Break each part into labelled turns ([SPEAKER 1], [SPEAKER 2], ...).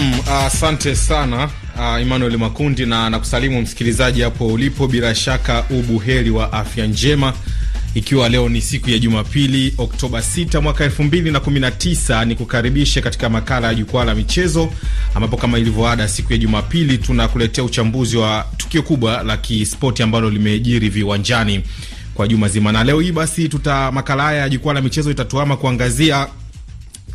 [SPEAKER 1] Nam, asante uh, sana uh, Emmanuel Makundi, na nakusalimu msikilizaji hapo ulipo, bila shaka ubuheri wa afya njema, ikiwa leo ni siku ya Jumapili Oktoba 6 mwaka 2019, ni kukaribishe katika makala ya jukwaa la michezo, ambapo kama ilivyoada siku ya Jumapili tunakuletea uchambuzi wa tukio kubwa la kispoti ambalo limejiri viwanjani kwa juma zima, na leo hii basi tuta makala haya ya jukwaa la michezo itatuama kuangazia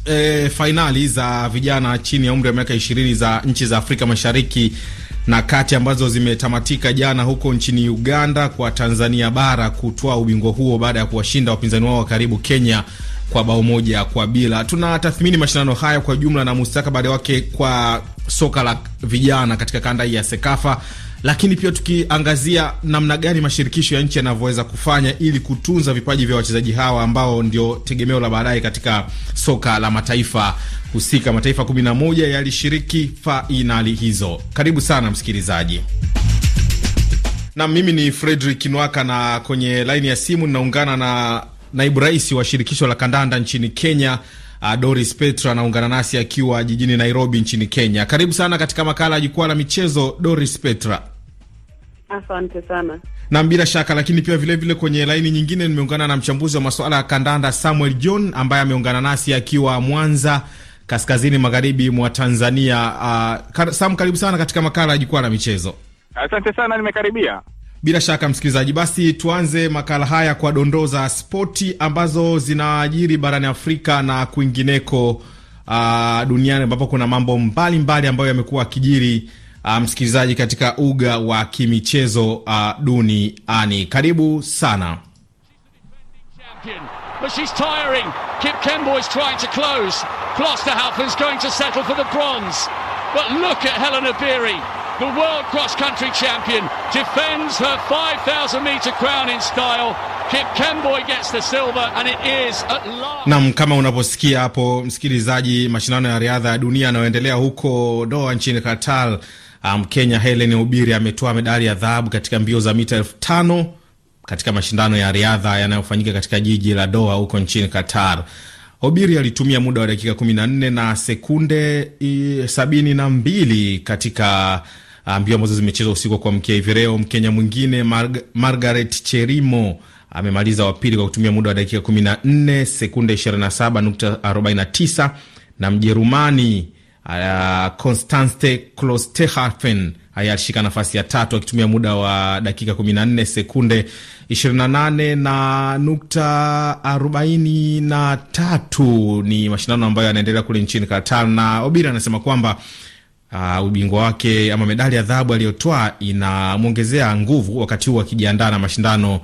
[SPEAKER 1] e, eh, fainali za vijana chini ya umri wa miaka ishirini za nchi za Afrika Mashariki na kati ambazo zimetamatika jana huko nchini Uganda kwa Tanzania bara kutoa ubingwa huo baada ya kuwashinda wapinzani wao wa karibu Kenya kwa bao moja kwa bila. Tunatathmini mashindano haya kwa jumla na mustakabali wake kwa soka la vijana katika kanda hii ya Sekafa lakini pia tukiangazia namna gani mashirikisho ya nchi yanavyoweza kufanya ili kutunza vipaji vya wachezaji hawa ambao ndio tegemeo la baadaye katika soka la mataifa husika. Mataifa 11 yalishiriki fainali hizo. Karibu sana msikilizaji. Na mimi ni Fredrick Nwaka na kwenye laini ya simu ninaungana na naibu rais wa shirikisho la kandanda nchini Kenya, uh, Doris Petro anaungana nasi akiwa jijini Nairobi nchini Kenya. Karibu sana katika makala ya jukwaa la michezo, Doris Petra.
[SPEAKER 2] Asante sana
[SPEAKER 1] nam, bila shaka. Lakini pia vilevile vile kwenye laini nyingine nimeungana na mchambuzi wa masuala ya kandanda Samuel John ambaye ameungana nasi akiwa Mwanza, kaskazini magharibi mwa Tanzania. Uh, kar Sam, karibu sana katika makala ya jukwaa la michezo. Asante sana, nimekaribia. Bila shaka msikilizaji, basi tuanze makala haya kwa dondoo za spoti ambazo zinaajiri barani Afrika na kwingineko uh, duniani ambapo kuna mambo mbalimbali mbali ambayo yamekuwa akijiri Ah, msikilizaji, katika uga wa kimichezo uh, ah, ani Karibu sana. nam kama unaposikia hapo msikilizaji, mashindano ya riadha ya dunia anayoendelea huko Doha nchini katal Mkenya um, Helen Ubiri ametoa medali ya dhahabu katika mbio za mita elfu tano katika mashindano ya riadha yanayofanyika katika jiji la Doha huko nchini Qatar. Obiri alitumia muda wa dakika 14 na sekunde 72 katika uh, mbio ambazo zimechezwa usiku kwa mkia hivi leo. Mkenya mwingine Marg Margaret Cherimo amemaliza wa pili kwa kutumia muda wa dakika 14 sekunde 27.49 na Mjerumani Constante Klosterhafen alishika nafasi ya tatu akitumia muda wa dakika 14 sekunde 28 na nukta 43. Ni mashindano ambayo yanaendelea kule nchini Qatar, na Obira anasema kwamba Uh, ubingwa wake ama medali ya dhahabu aliyotoa inamwongezea nguvu wakati huu akijiandaa na mashindano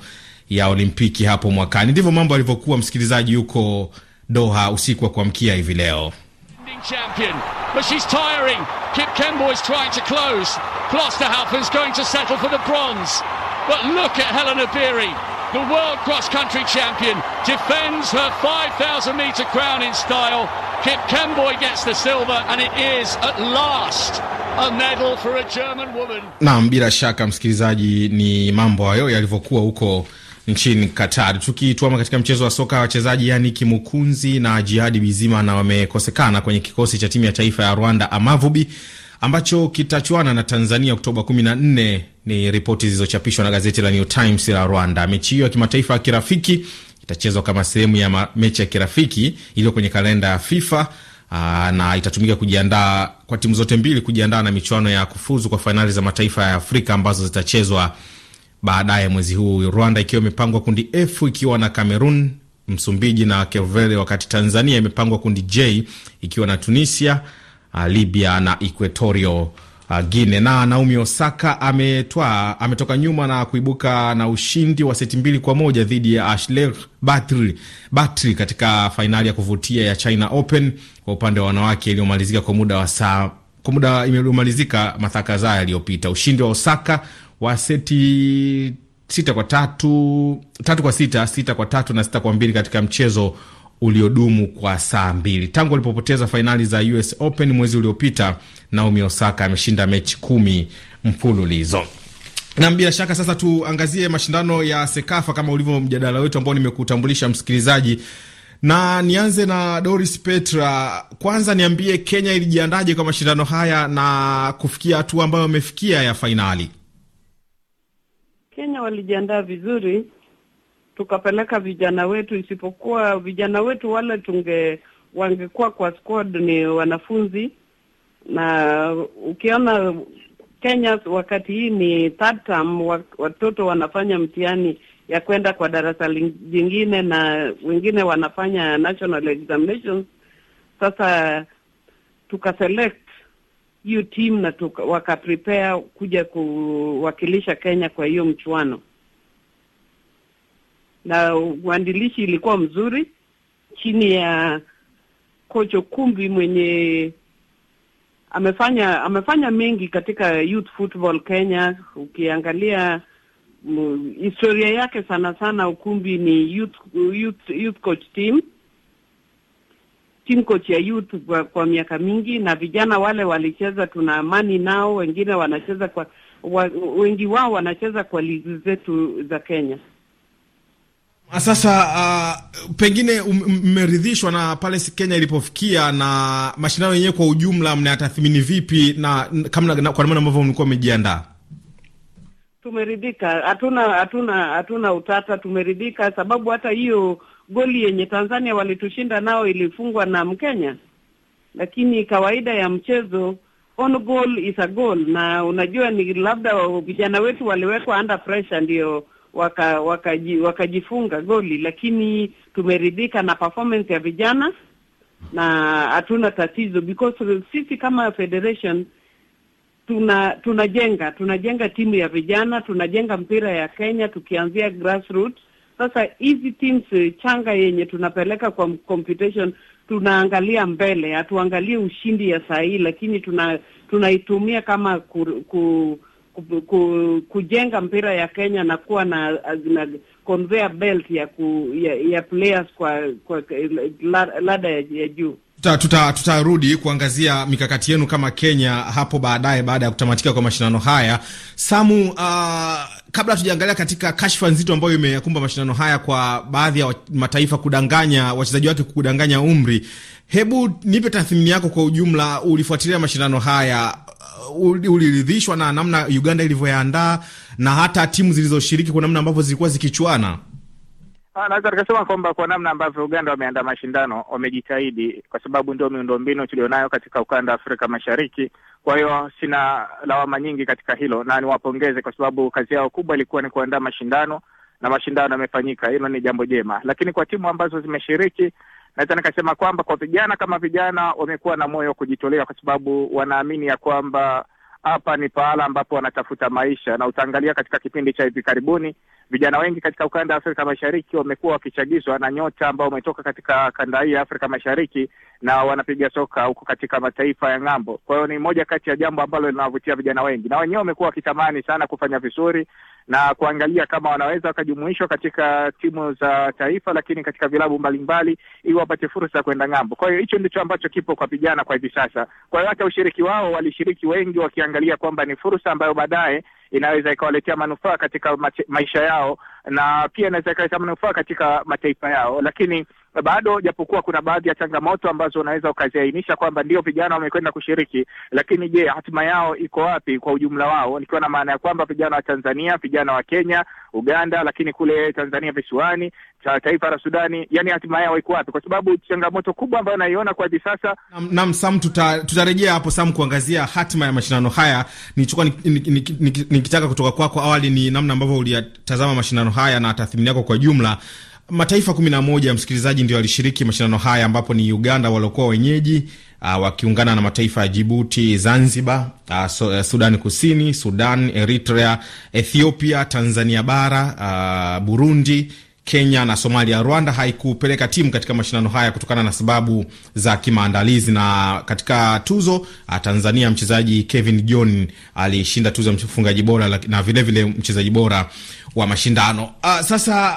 [SPEAKER 1] ya Olimpiki hapo mwakani. Ndivyo mambo alivyokuwa, msikilizaji, huko Doha usiku wa kuamkia hivi leo.
[SPEAKER 2] defending champion, but she's tiring. Kip Kenboy's trying to close. Klosterhalfen's going to settle for the bronze. But look at Helena Beery, the world cross-country champion, defends her 5,000-metre crown in style. Kip Kenboy gets the silver, and it is at last A medal for a German woman.
[SPEAKER 1] Naam, bila shaka msikilizaji, ni mambo hayo yalivyokuwa huko nchini Qatar. Tukituama katika mchezo wa soka, wachezaji yani Kimukunzi na Jihadi Bizima na wamekosekana kwenye kikosi cha timu ya taifa ya Rwanda Amavubi ambacho kitachuana na Tanzania Oktoba 14. Ni ripoti zilizochapishwa na gazeti la New Times la Rwanda. Mechi hiyo ya kimataifa ya kirafiki itachezwa kama sehemu ya mechi ya kirafiki iliyo kwenye kalenda ya FIFA. Aa, na itatumika kujiandaa kwa timu zote mbili kujiandaa na michuano ya kufuzu kwa fainali za mataifa ya Afrika ambazo zitachezwa baadaye mwezi huu, Rwanda ikiwa imepangwa kundi F ikiwa na Cameroon, Msumbiji na kevele wakati Tanzania imepangwa kundi J ikiwa na Tunisia, ah, Libya na Equatorio ah, Guine. Na Naomi Osaka ametoka nyuma na kuibuka na ushindi wa seti mbili kwa moja dhidi ya Ashleigh batri Batri katika fainali ya kuvutia ya China Open kwa upande wa wanawake iliyomalizika kwa muda wa saa kwa muda imemalizika yaliyopita. Ushindi wa Osaka wa seti sita kwa tatu, tatu kwa sita, sita kwa tatu na sita kwa mbili katika mchezo uliodumu kwa saa mbili. Tangu alipopoteza fainali za US Open mwezi uliopita, Naomi Osaka ameshinda mechi kumi mfululizo. Nam, bila shaka sasa tuangazie mashindano ya SEKAFA kama ulivyo mjadala wetu ambao nimekutambulisha msikilizaji, na nianze na Doris Petra. Kwanza niambie, Kenya ilijiandaje kwa mashindano haya na kufikia hatua ambayo amefikia ya fainali?
[SPEAKER 2] Kenya walijiandaa vizuri, tukapeleka vijana wetu, isipokuwa vijana wetu wale tunge wangekuwa kwa squad ni wanafunzi, na ukiona Kenya wakati hii ni third term, watoto wanafanya mtihani ya kwenda kwa darasa lingine na wengine wanafanya national examinations. Sasa tukaselect hiyo timu na wakaprepare kuja kuwakilisha Kenya kwa hiyo mchuano, na uandilishi ilikuwa mzuri chini ya coach Okumbi mwenye amefanya amefanya mengi katika youth football Kenya. Ukiangalia mm, historia yake sana sana Okumbi ni youth, youth, youth coach team team coach ya youth kwa, kwa miaka mingi, na vijana wale walicheza, tuna amani nao, wengine wanacheza kwa wa, wengi wao wanacheza kwa ligi zetu za Kenya.
[SPEAKER 1] Ah, sasa uh, pengine um, mmeridhishwa na pale Kenya ilipofikia na mashindano yenyewe kwa ujumla, mnayatathmini vipi na kama kwa namna ambavyo mlikuwa mmejiandaa?
[SPEAKER 2] Tumeridhika, hatuna hatuna hatuna utata, tumeridhika sababu hata hiyo goli yenye Tanzania walitushinda nao ilifungwa na Mkenya, lakini kawaida ya mchezo on goal is a goal, na unajua ni labda vijana wetu waliwekwa under pressure ndio waka, waka, wakajifunga goli, lakini tumeridhika na performance ya vijana na hatuna tatizo because sisi kama federation tuna tunajenga tunajenga timu ya vijana, tunajenga mpira ya Kenya tukianzia grassroots sasa hizi teams eh, changa yenye tunapeleka kwa computation, tunaangalia mbele, hatuangalie ushindi ya saa hii, lakini tuna tunaitumia kama ku, ku, ku, ku, kujenga mpira ya Kenya na kuwa na, na conveyor belt ya, ku, ya, ya players kwa, kwa ladha ya, ya juu.
[SPEAKER 1] Tutarudi tuta kuangazia mikakati yenu kama Kenya hapo baadaye baada ya kutamatika kwa mashindano haya. Samu, uh, kabla tujaangalia katika kashfa nzito ambayo imeyakumba mashindano haya kwa baadhi ya mataifa kudanganya wachezaji wake kudanganya umri, hebu nipe tathmini yako kwa ujumla. Ulifuatilia mashindano haya, uh, uliridhishwa na namna Uganda ilivyoyaandaa na hata timu zilizoshiriki kwa namna ambavyo zilikuwa zikichuana?
[SPEAKER 3] Ah, naweza tukasema kwamba kwa namna ambavyo Uganda wameandaa mashindano wamejitahidi, kwa sababu ndio miundombinu tulionayo katika ukanda wa Afrika Mashariki kwa hiyo sina lawama nyingi katika hilo, na niwapongeze kwa sababu kazi yao kubwa ilikuwa ni kuandaa mashindano na mashindano yamefanyika, hilo ni jambo jema. Lakini kwa timu ambazo zimeshiriki, naweza nikasema kwamba kwa vijana kama vijana wamekuwa na moyo wa kujitolea, kwa sababu wanaamini ya kwamba hapa ni pahala ambapo wanatafuta maisha, na utaangalia katika kipindi cha hivi karibuni, vijana wengi katika ukanda wa Afrika Mashariki wamekuwa wakichagizwa na nyota ambao wametoka katika kanda hii ya Afrika Mashariki na wanapiga soka huko katika mataifa ya ng'ambo. Kwa hiyo ni moja kati ya jambo ambalo linawavutia vijana wengi, na wenyewe wamekuwa wakitamani sana kufanya vizuri na kuangalia kama wanaweza wakajumuishwa katika timu za taifa, lakini katika vilabu mbalimbali, ili wapate fursa ya kwenda ng'ambo. Kwa hiyo hicho ndicho ambacho kipo kwa vijana kwa hivi sasa. Kwa hiyo hata ushiriki wao, walishiriki wengi wakiangalia kwamba ni fursa ambayo baadaye inaweza ikawaletea manufaa katika maisha yao, na pia inaweza ikaleta manufaa katika mataifa yao, lakini bado japokuwa kuna baadhi ya changamoto ambazo unaweza ukaziainisha kwamba ndio vijana wamekwenda kushiriki, lakini je, hatima yao iko wapi kwa ujumla wao? Nikiwa na maana ya kwamba vijana wa Tanzania, vijana wa Kenya, Uganda, lakini kule Tanzania visiwani ta, taifa la Sudani, yani hatima yao iko wapi? Kwa sababu changamoto kubwa ambayo naiona kwa hivi sasa.
[SPEAKER 1] Nam, nam Sam, tuta, tutarejea hapo Sam kuangazia hatima ya mashindano haya. Nichukua nikitaka ni, ni, ni, ni kutoka kwako kwa awali ni namna ambavyo uliyatazama mashindano haya na tathmini yako kwa jumla. Mataifa kumi na moja msikilizaji, ndio yalishiriki mashindano haya ambapo ni Uganda waliokuwa wenyeji uh, wakiungana na mataifa ya Jibuti, Zanzibar, uh, so, uh, Sudan Kusini, Sudan, Eritrea, Ethiopia, Tanzania Bara, uh, Burundi Kenya na Somalia. Rwanda haikupeleka timu katika mashindano haya kutokana na sababu za kimaandalizi. Na katika tuzo, ah, Tanzania mchezaji Kevin John alishinda tuzo ya mfungaji bora na vilevile mchezaji bora wa mashindano. A, ah, sasa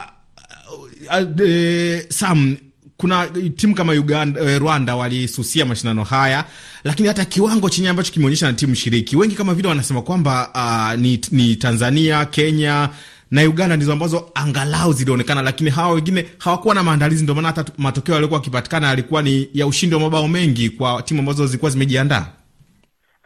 [SPEAKER 1] a, ah, e, Sam kuna timu kama Uganda, eh, Rwanda walisusia mashindano haya, lakini hata kiwango chenye ambacho kimeonyesha na timu shiriki wengi kama vile wanasema kwamba uh, ni, ni Tanzania, Kenya na Uganda ndizo ambazo angalau zilionekana, lakini hawa wengine hawakuwa na maandalizi. Ndio maana hata matokeo yaliokuwa akipatikana yalikuwa ni ya ushindi wa mabao mengi kwa timu ambazo zilikuwa zimejiandaa.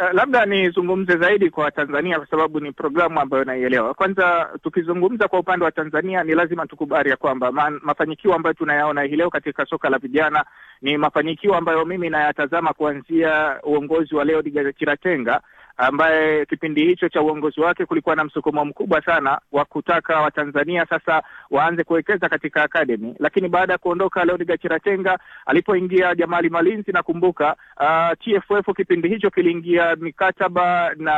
[SPEAKER 3] Uh, labda nizungumze zaidi kwa Tanzania kwa sababu ni programu ambayo naielewa. Kwanza tukizungumza kwa upande wa Tanzania ni lazima tukubali ya kwamba mafanikio ambayo tunayaona hii leo katika soka la vijana ni mafanikio ambayo mimi nayatazama kuanzia uongozi wa Leodegar Chiratenga ambaye kipindi hicho cha uongozi wake kulikuwa na msukumo mkubwa sana wa kutaka Watanzania sasa waanze kuwekeza katika akademi, lakini baada ya kuondoka Leodegar Gachiratenga, alipoingia Jamali Malinzi, nakumbuka uh, ah, TFF kipindi hicho kiliingia mikataba na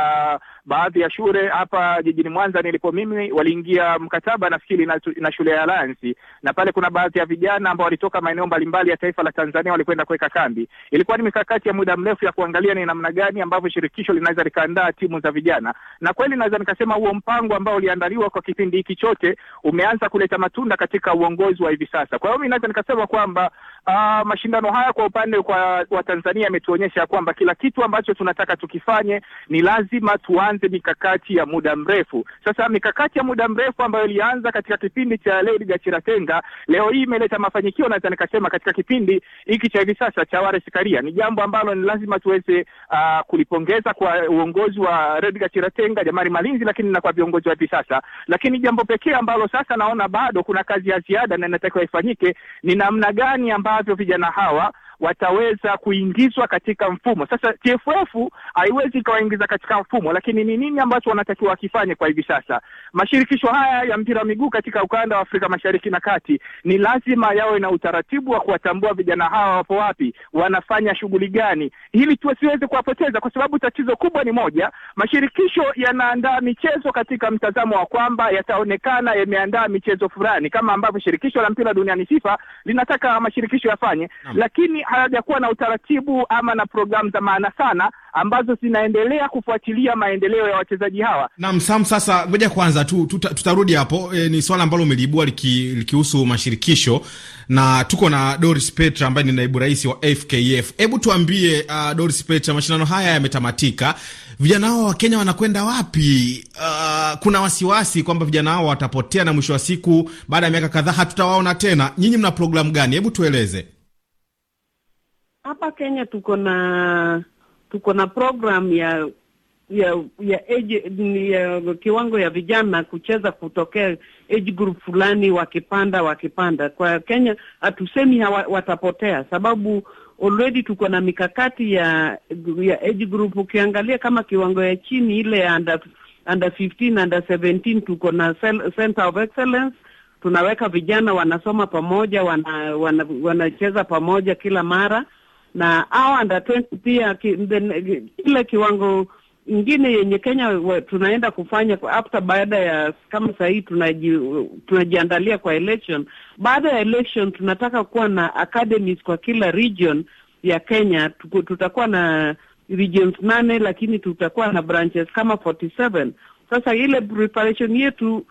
[SPEAKER 3] baadhi ya shule hapa jijini Mwanza nilipo mimi, waliingia mkataba nafikiri na, na shule ya Alliance, na pale kuna baadhi ya vijana ambao walitoka maeneo mbalimbali ya taifa la Tanzania walikwenda kuweka kambi. Ilikuwa ni mikakati ya muda mrefu ya kuangalia ni namna gani ambavyo shirikisho linaweza alikaandaa timu za vijana, na kweli naweza nikasema huo mpango ambao uliandaliwa kwa kipindi hiki chote umeanza kuleta matunda katika uongozi wa hivi sasa. Kwa hiyo mimi naweza nikasema kwamba uh, mashindano haya kwa upande kwa wa Tanzania yametuonyesha kwamba kila kitu ambacho tunataka tukifanye ni lazima tuanze mikakati ya muda mrefu. Sasa mikakati ya muda mrefu ambayo ilianza katika kipindi cha Leodegar Gachiratenga leo hii imeleta mafanikio, naweza nikasema katika kipindi hiki cha hivi sasa cha Wallace Karia, ni jambo ambalo ni lazima tuweze uh, kulipongeza kwa uongozi wa Redgar Chiratenga, Jamari Malinzi, lakini na kwa viongozi wa hivi sasa. Lakini jambo pekee ambalo sasa naona bado kuna kazi ya ziada na inatakiwa ifanyike ni namna gani ambavyo vijana hawa wataweza kuingizwa katika mfumo. Sasa TFF haiwezi ikawaingiza katika mfumo, lakini ni nini ambacho wanatakiwa wakifanye kwa hivi sasa? Mashirikisho haya ya mpira wa miguu katika ukanda wa Afrika Mashariki na Kati ni lazima yawe na utaratibu wa kuwatambua vijana hawa wapo wapi, wanafanya shughuli gani, ili tusiweze kuwapoteza, kwa sababu tatizo kubwa ni moja. Mashirikisho yanaandaa michezo katika mtazamo wa kwamba yataonekana yameandaa michezo fulani, kama ambavyo shirikisho la mpira duniani FIFA linataka mashirikisho yafanye, lakini hayajakuwa na utaratibu ama na programu za maana sana ambazo zinaendelea kufuatilia maendeleo ya wachezaji hawa.
[SPEAKER 1] Naam, Sam, sasa ngoja kwanza tu, tuta, tutarudi hapo e, ni swala ambalo umeliibua likihusu liki mashirikisho na tuko na Doris Petra ambaye ni naibu rais wa FKF. Hebu tuambie uh, Doris Petra, mashindano haya yametamatika, vijana hao wa Kenya wanakwenda wapi? Uh, kuna wasiwasi kwamba vijana hao watapotea na mwisho wa siku, baada ya miaka kadhaa hatutawaona tena. Nyinyi mna programu gani? Hebu tueleze.
[SPEAKER 2] Hapa Kenya tuko na tuko na program ya ya ya, age, ya kiwango ya vijana kucheza kutokea age group fulani, wakipanda wakipanda. Kwa Kenya hatusemi watapotea, sababu already tuko na mikakati ya ya age group. Ukiangalia kama kiwango ya chini ile under under 15 under 17, tuko na center of excellence tunaweka vijana wanasoma pamoja, wana, wana, wanacheza pamoja kila mara na au under 20 pia kile kiwango ingine yenye Kenya we, tunaenda kufanya after baada ya kama sahii hii tunaji, tunajiandalia kwa election. Baada ya election tunataka kuwa na academies kwa kila region ya Kenya. Tutakuwa na regions nane, lakini tutakuwa na branches kama 47. Sasa ile preparation yetu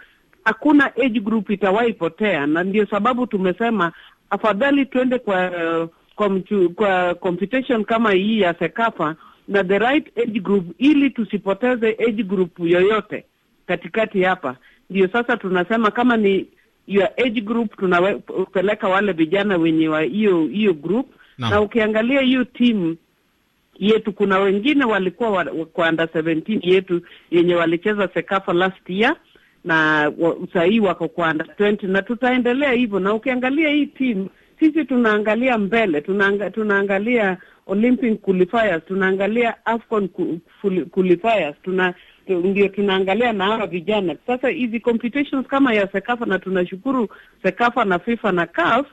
[SPEAKER 2] hakuna age group itawahi potea, na ndio sababu tumesema afadhali tuende kwa uh, komtu, kwa computation kama hii ya Sekafa na the right age group, ili tusipoteze age group yoyote katikati hapa. Ndio sasa tunasema kama ni your age group, tunapeleka wale vijana wenye wa hiyo hiyo group na, na ukiangalia hiyo team yetu kuna wengine walikuwa wa, wa, kwa under 17 yetu yenye walicheza Sekafa last year na sahii wako kwa under 20 na tutaendelea hivyo, na ukiangalia hii team sisi tunaangalia mbele, tunaanga, tunaangalia Olympic qualifiers, tunaangalia AFCON qualifiers, tuna ndio tunaangalia na hawa vijana sasa, hizi competitions kama ya Sekafa, na tunashukuru Sekafa na FIFA na CAF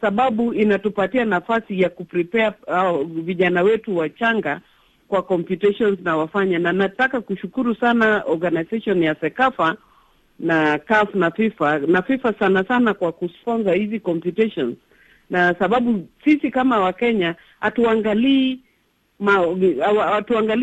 [SPEAKER 2] sababu inatupatia nafasi ya kuprepare uh, vijana wetu wachanga kwa competitions na wafanya, na nataka kushukuru sana organization ya Sekafa na CAF na FIFA na FIFA sana sana kwa kusponsor hizi competitions na sababu sisi kama Wakenya hatuangalii ma,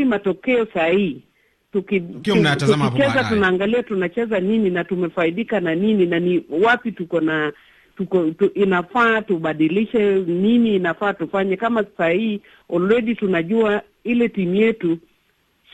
[SPEAKER 2] matokeo sahihi tukicheza tunaangalia tunacheza nini na tumefaidika na nini na ni wapi tuko na tuko tu, inafaa tubadilishe nini, inafaa tufanye. Kama sasa hii already tunajua ile timu yetu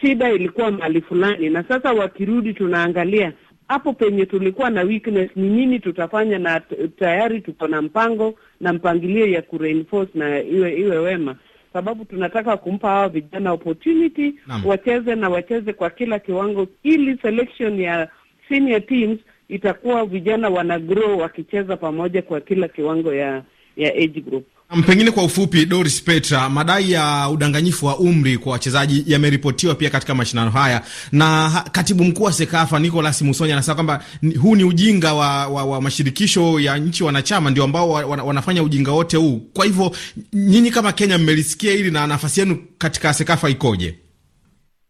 [SPEAKER 2] shida ilikuwa mali fulani, na sasa wakirudi tunaangalia hapo penye tulikuwa na weakness ni nini tutafanya, na tayari tuko na mpango na mpangilio ya kureinforce na iwe iwe wema, sababu tunataka kumpa hawa vijana opportunity wacheze na wacheze kwa kila kiwango, ili selection ya senior teams itakuwa vijana wana grow wakicheza pamoja kwa kila kiwango ya ya age group.
[SPEAKER 1] Pengine kwa ufupi, Doris Petra, madai ya udanganyifu wa umri kwa wachezaji yameripotiwa pia katika mashindano haya, na katibu mkuu wa SEKAFA Nicolas Musonya anasema kwamba huu ni ujinga wa, wa, wa mashirikisho ya nchi wanachama ndio ambao wa, wa, wanafanya ujinga wote huu. Kwa hivyo nyinyi kama Kenya mmelisikia hili na nafasi yenu katika SEKAFA ikoje?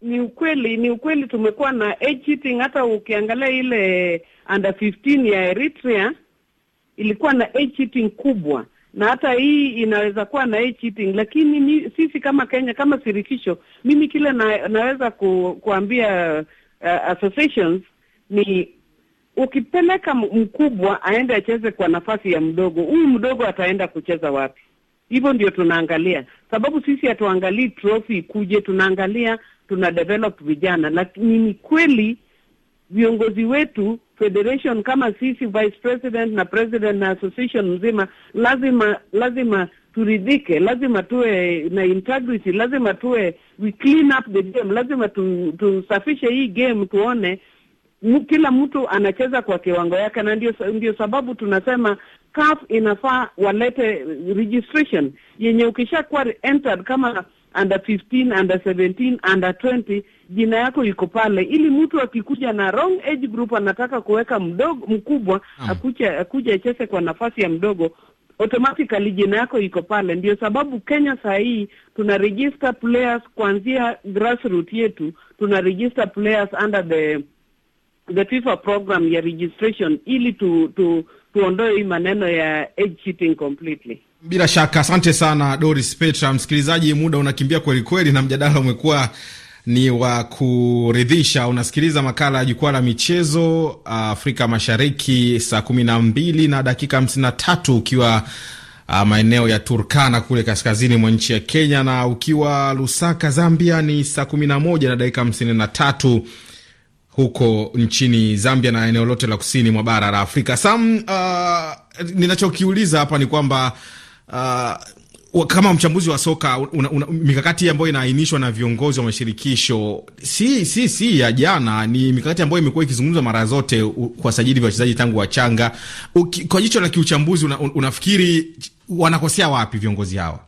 [SPEAKER 2] Ni ukweli, ni ukweli, tumekuwa na age cheating. Hata ukiangalia ile under 15 ya Eritrea ilikuwa na age cheating kubwa na hata hii inaweza kuwa na hii cheating, lakini mi, sisi kama Kenya kama shirikisho, mimi kile na, naweza ku, kuambia uh, associations ni ukipeleka mkubwa aende acheze kwa nafasi ya mdogo, huyu mdogo ataenda kucheza wapi? Hivyo ndio tunaangalia, sababu sisi hatuangalii trophy kuje, tunaangalia tuna develop vijana. Lakini ni kweli viongozi wetu federation kama sisi vice president na president na association mzima, lazima lazima turidhike, lazima tuwe na integrity, lazima tuwe we clean up the game, lazima tu, tusafishe hii game, tuone kila mtu anacheza kwa kiwango yake, na ndio ndio sababu tunasema CAF inafaa walete registration yenye ukishakuwa entered kama under 15, under 17, under 20, jina yako iko pale, ili mtu akikuja na wrong age group anataka kuweka mdogo mkubwa mm. akuja akuja acheze kwa nafasi ya mdogo automatically jina yako iko pale. Ndio sababu Kenya saa hii tuna register players kuanzia grassroots yetu, tuna register players under the the FIFA program ya registration ili tu, tu tuondoe hii maneno ya age cheating completely.
[SPEAKER 1] Bila shaka, asante sana Doris Petra. Msikilizaji, muda unakimbia kweli kweli na mjadala umekuwa ni wa kuridhisha. Unasikiliza makala ya jukwaa la michezo uh, Afrika Mashariki, saa kumi na mbili na dakika hamsini na tatu ukiwa uh, maeneo ya Turkana kule kaskazini mwa nchi ya Kenya, na ukiwa Lusaka, Zambia ni saa kumi na moja na dakika hamsini na tatu huko nchini Zambia na eneo lote la kusini mwa bara la Afrika. Sam, uh, ninachokiuliza hapa ni kwamba uh, kama mchambuzi wa soka una, una, mikakati ambayo inaainishwa na viongozi wa mashirikisho si, si, si ya jana, ni mikakati ambayo imekuwa ikizungumzwa mara zote kwa sajili vya wachezaji tangu wachanga. Kwa jicho la kiuchambuzi una, unafikiri wanakosea wapi viongozi hawa?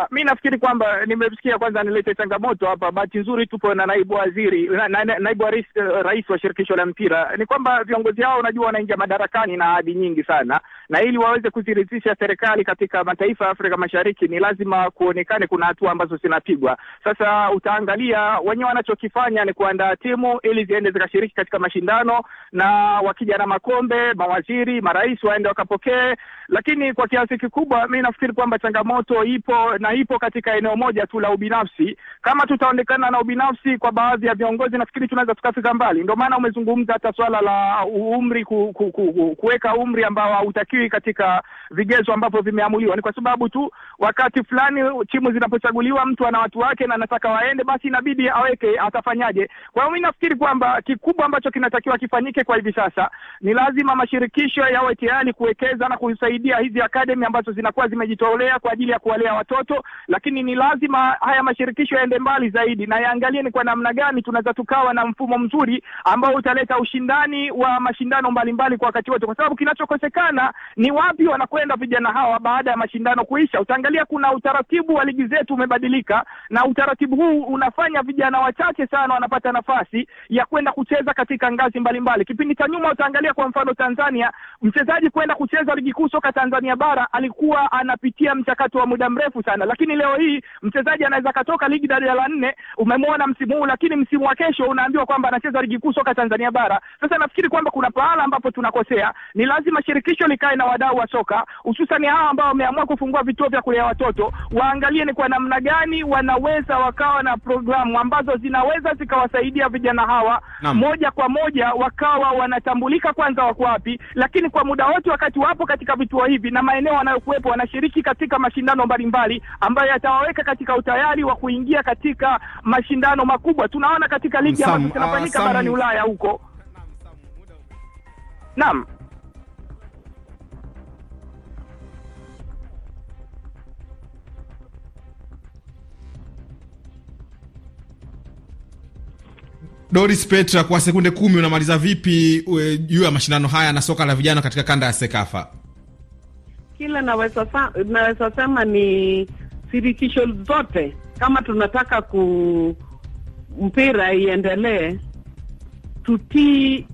[SPEAKER 3] Ah, mi nafikiri kwamba nimesikia, kwanza nilete changamoto hapa. Bahati nzuri tupo na naibu waziri na, na, na, naibu rais, eh, rais wa shirikisho la mpira. Ni kwamba viongozi hao unajua wanaingia madarakani na ahadi nyingi sana na ili waweze kuziridhisha serikali katika mataifa ya Afrika Mashariki ni lazima kuonekane kuna hatua ambazo zinapigwa. Sasa utaangalia wenyewe wanachokifanya ni kuandaa timu ili ziende zikashiriki katika mashindano, na wakija na makombe, mawaziri, marais waende wakapokee. Lakini kwa kiasi kikubwa mi nafikiri kwamba changamoto ipo na ipo katika eneo moja tu la ubinafsi. Kama tutaonekana na ubinafsi kwa baadhi ya viongozi, nafikiri tunaweza tukafika mbali. Ndio maana umezungumza hata swala la umri ku, ku, ku, kuweka umri ambao hautaki haziingii katika vigezo ambavyo vimeamuliwa. Ni kwa sababu tu wakati fulani timu zinapochaguliwa, mtu ana watu wake na anataka waende, basi inabidi aweke atafanyaje. Kwa hiyo mi nafikiri kwamba kikubwa ambacho kinatakiwa kifanyike kwa hivi sasa ni lazima mashirikisho yawe tayari kuwekeza na kusaidia hizi akademi ambazo zinakuwa zimejitolea kwa ajili ya kuwalea watoto, lakini ni lazima haya mashirikisho yaende mbali zaidi na yaangalie ni kwa namna gani tunaweza tukawa na mfumo mzuri ambao utaleta ushindani wa mashindano mbalimbali mbali kwa wakati wote, kwa sababu kinachokosekana ni wapi wanakwenda vijana hawa baada ya mashindano kuisha? Utaangalia kuna utaratibu wa ligi zetu umebadilika, na utaratibu huu unafanya vijana wachache sana wanapata nafasi ya kwenda kucheza katika ngazi mbalimbali. Kipindi cha nyuma utaangalia kwa mfano Tanzania, mchezaji kwenda kucheza ligi kuu soka Tanzania bara alikuwa anapitia mchakato wa muda mrefu sana, lakini leo hii mchezaji anaweza katoka ligi daraja la nne, umemwona msimu huu, lakini msimu wa kesho unaambiwa kwamba anacheza ligi kuu soka Tanzania bara. Sasa nafikiri kwamba kuna pahala ambapo tunakosea, ni lazima shirikisho likae na wadau wa soka hususani hawa ambao wameamua kufungua vituo vya kulea watoto waangalie ni kwa namna gani wanaweza wakawa na programu ambazo zinaweza zikawasaidia vijana hawa Nam. moja kwa moja wakawa wanatambulika kwanza wako wapi, lakini kwa muda wote wakati wapo katika vituo hivi na maeneo wanayokuwepo wanashiriki katika mashindano mbalimbali ambayo yatawaweka katika utayari wa kuingia katika mashindano makubwa. Tunaona katika ligi ambazo zinafanyika uh, barani Ulaya huko. Naam.
[SPEAKER 1] Doris Petra, kwa sekunde kumi unamaliza vipi eh, juu ya mashindano haya na soka la vijana katika kanda ya Sekafa?
[SPEAKER 2] Kila naweza naweza sema ni shirikisho zote, kama tunataka ku mpira iendelee, tutii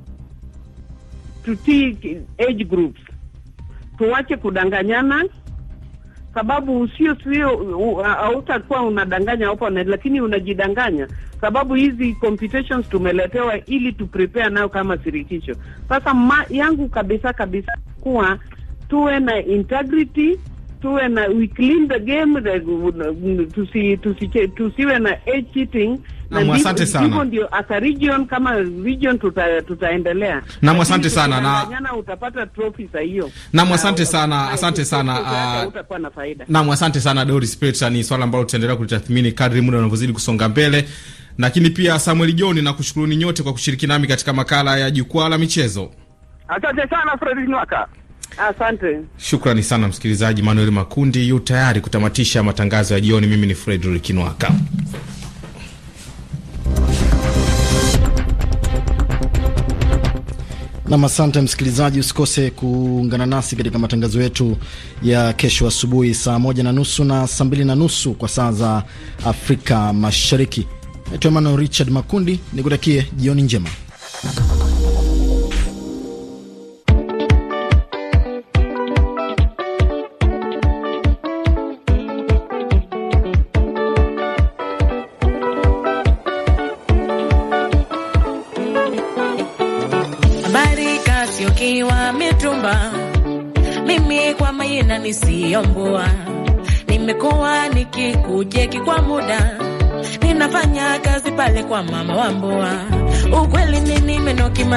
[SPEAKER 2] tutii age groups, tuwache kudanganyana, sababu usiosio sio, hautakuwa unadanganya opponent, lakini unajidanganya sababu hizi computations tumeletewa ili tuprepare nayo kama shirikisho. Sasa ma, yangu kabisa kabisa kuwa tuwe na integrity, tuwe na we clean the game, the, tusi, tusi, tusiwe na age cheating. Nam, asante sana. Hivyo ndio as a region kama region tuta, tutaendelea.
[SPEAKER 1] Naam, asante sana na
[SPEAKER 2] jana utapata trophy za hiyo.
[SPEAKER 1] Naam, asante sana, asante sana. Ah, Utakuwa na faida. Naam, asante sana Doris Petra, ni swala ambalo tutaendelea kulitathmini kadri muda unavyozidi kusonga mbele lakini pia Samuel John, na kushukuruni nyote kwa kushiriki nami katika makala ya jukwaa la michezo.
[SPEAKER 3] Asante sana Fredrick Nwaka. Asante,
[SPEAKER 1] shukrani sana msikilizaji. Manuel Makundi yu tayari kutamatisha matangazo ya jioni. Mimi ni Fredrick Nwaka. Nam, asante msikilizaji, usikose kuungana nasi katika matangazo yetu ya kesho asubuhi saa moja na nusu na saa mbili na nusu kwa saa za Afrika Mashariki. Naitwa Emmanuel Richard Makundi, nikutakie jioni njema.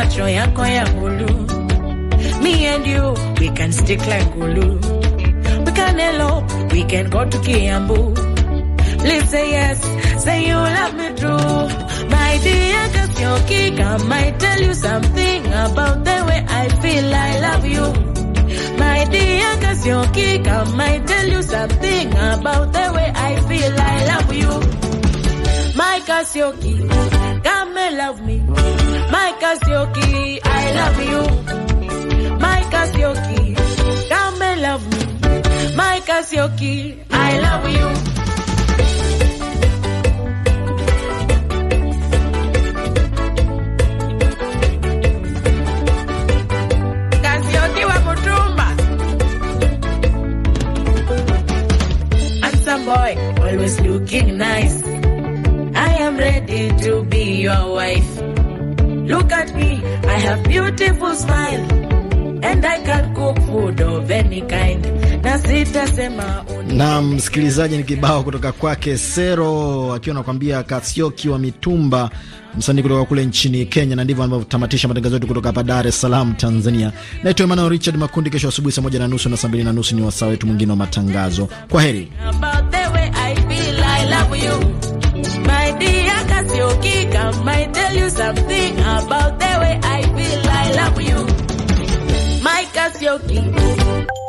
[SPEAKER 4] macho yako ya hulu. Me and you, we can stick like glue. We can elope, we can go to Kiambu. Please say yes, say you love me true. My dear Kasioki, I might tell you something about the way I feel I love you. My dear Kasioki, I might tell you something about the way I feel I love you. My Kasioki, come and love me. My Cassioki, I love you. My Cassioki, come and love me. My Cassioki, I love you. boy, always looking nice. I am ready to be your wife. Look at me, I have beautiful smile and I can cook food of any kind.
[SPEAKER 1] Na msikilizaji, ni kibao kutoka kwake Sero akiwa anakuambia Kasioki wa Mitumba, msanii kutoka kule nchini Kenya. Na ndivyo anavyotamatisha matangazo yetu kutoka hapa Dar es Salaam, Tanzania. Naitwa Emmanuel Richard Makundi. Kesho asubuhi saa moja na nusu na saa mbili na nusu ni wasaa wetu mwingine wa matangazo. Kwa heri.
[SPEAKER 4] love you. My Cassiope.